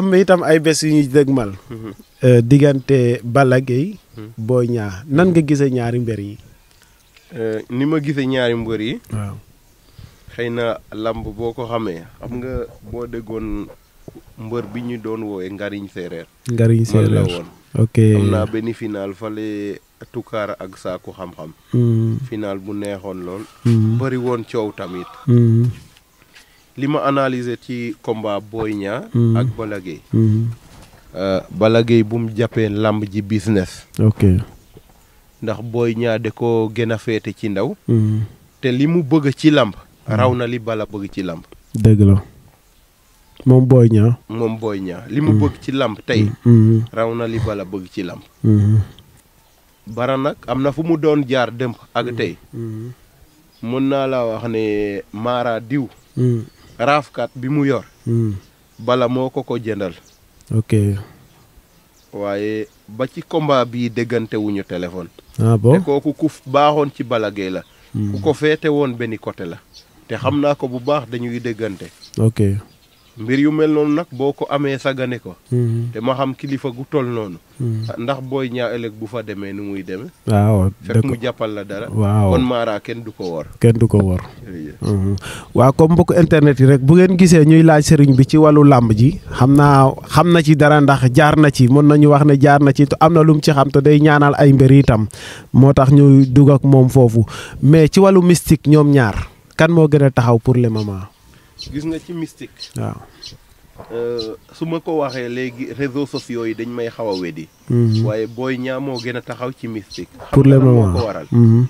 am itam ay bés yu ñuy dëgmal. Mhm. Euh, diggante Balla boo mhm. Boy Niang nan nga gisee ñaari mbër yi. Euh, ni ma gisee ñaari mbër yi. xëy na lamb boo ko xamee xam nga boo déggoon mbër bi ñu doon woowee Ngariñ Séeréer. Ngariñ Séeréer la ok am naa benn final fale Tukaar ak Saaku Xam-Xam. Mm. final bu neexoon lool. Mm. bëri woon coow tamit. Mm. Lima analyser ci combat Boy mm. ak Balla Gaye mhm. euh Gaye bu mu jappé lamb ji business ok ndax Boy de ko gëna fété ci ndaw mhm. te té limu bëgg ci lamb mm. rawna li bala bëgg ci lamb dëgg la mom Boy mom boyña Boy mm. bëgg ci làmb tey raw rawna li bala bëgg ci bara nak amna fu mu doon jaar ak tey mën na la wax ne mara diw raafkat bi mu yor. Hmm. bala moo ko ko jëndal. ok. waaye ba ci combat bii déggantewuñu wuñu téléphone. Ah te kooku ku baaxoon ci bala Gaye la. Hmm. ku ko féete woon benn côté la. te xam hmm. naa ko bu baax dañuy déggante. mbir yu mel noonu nag boo ko amee sagane ko mhm. te xam kilifa gu toll noonu mhm. ah, ndax booy ñaa ëllëg bu fa demee nu muy deme waaw fekk mu jàppal la dara waaw kon maara kenn du ko wor kenn du ko wor mhm. waaw comme mbokk internet yi rek bu ngeen gisee ñuy laaj sëriñ bi ci wàllu làmb ji xam naa xam na ci dara ndax jaar na ci mën nañu wax ne jaar na ci am na lum ci xam te day ñaanal ay mbir itam moo tax ñuy dugg ak moom foofu mais ci wàllu mystique ñoom ñaar kan moo gën a taxaw pour le moment gis nga ci mystique. Euh, su ma ko waxee léegi réseaux sociaux yi dañ may xaw a weddi. Mhm. waaye booy ñaamoo gën a taxaw ci mystique. pour le moment ko waral. Mhm.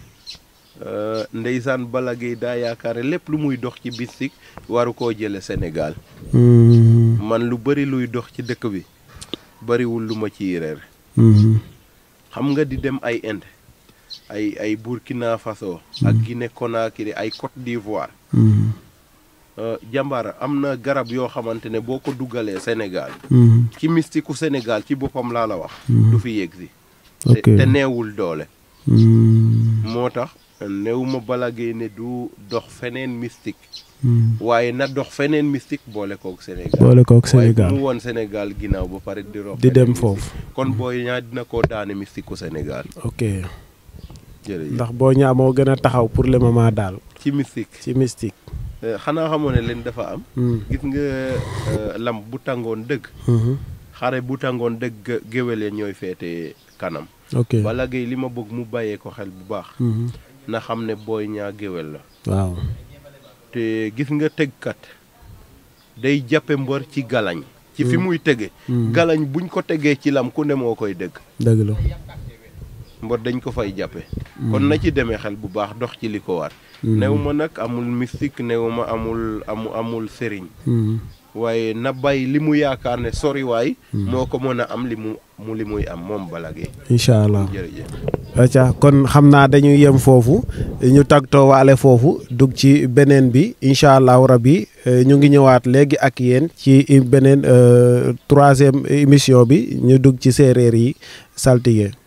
Euh, ndeysaan Balla Gaye daa yaakaare lépp lu muy dox ci mystique waru koo jële senegal mhm. man lu bari luy dox ci dëkk bi bariwul lu ma ciy réer. xam nga di dem ay Inde ay ay Burkina Faso. ak Guinée Conakry ay Côte d'Ivoire. Euh, jàmbaara am na garab yoo xamante ne boo ko duggalee Sénégal. Mhm. ci mystiku Sénégal ci boppam laa la wax. Mhm. du fi yegg si. te neewul doole. Mhm. moo tax néew ma Balla Gaye du dox feneen mystique. waaye na dox feneen mystique boole kook Sénégal. boole kook Sénégal waaye mu ba pare di. di dem foofu kon booy ñaa dina ko daane mystique senegal ndax boo ñaa moo gën a taxaw pour le moment daal. ci mystique ci mystique. Euh, xanaa xamoo ne leen dafa am. Hmm. gis nga euh, lam bu tàngoon dëgg. Hmm. xare bu tàngoon dëgg géwél ya ñooy feete kanam. ok Balla li ma bëgg mu bàyyee ko xel bu baax. Hmm. na xam ne booy Niang géwél la. waaw te gis nga tëggkat day jàppe mbër ci galañ. ci fi muy tege. galañ buñ ko tegee ci lam ku ne moo koy dëgg. dëgg la. mbot dañ ko fay jàppe mm. kon na ci demee xel bu baax dox ci li ko war mm. new ma nag amul mystique new ma amul amu amul sëriñ mm. waaye na bay li mu yaakaar ne soriwaay moo ko mën a am li mu li muy am moom Balla Gaye incha allah jërëjëf kon xam naa dañuy yem foofu ñu tagtoo waale foofu dugg ci beneen bi incha allahu rabbi eh, ñu ngi ñëwaat léegi ak yéen ci beneen eh, troisième émission bi ñu dugg ci séeréer yi saltige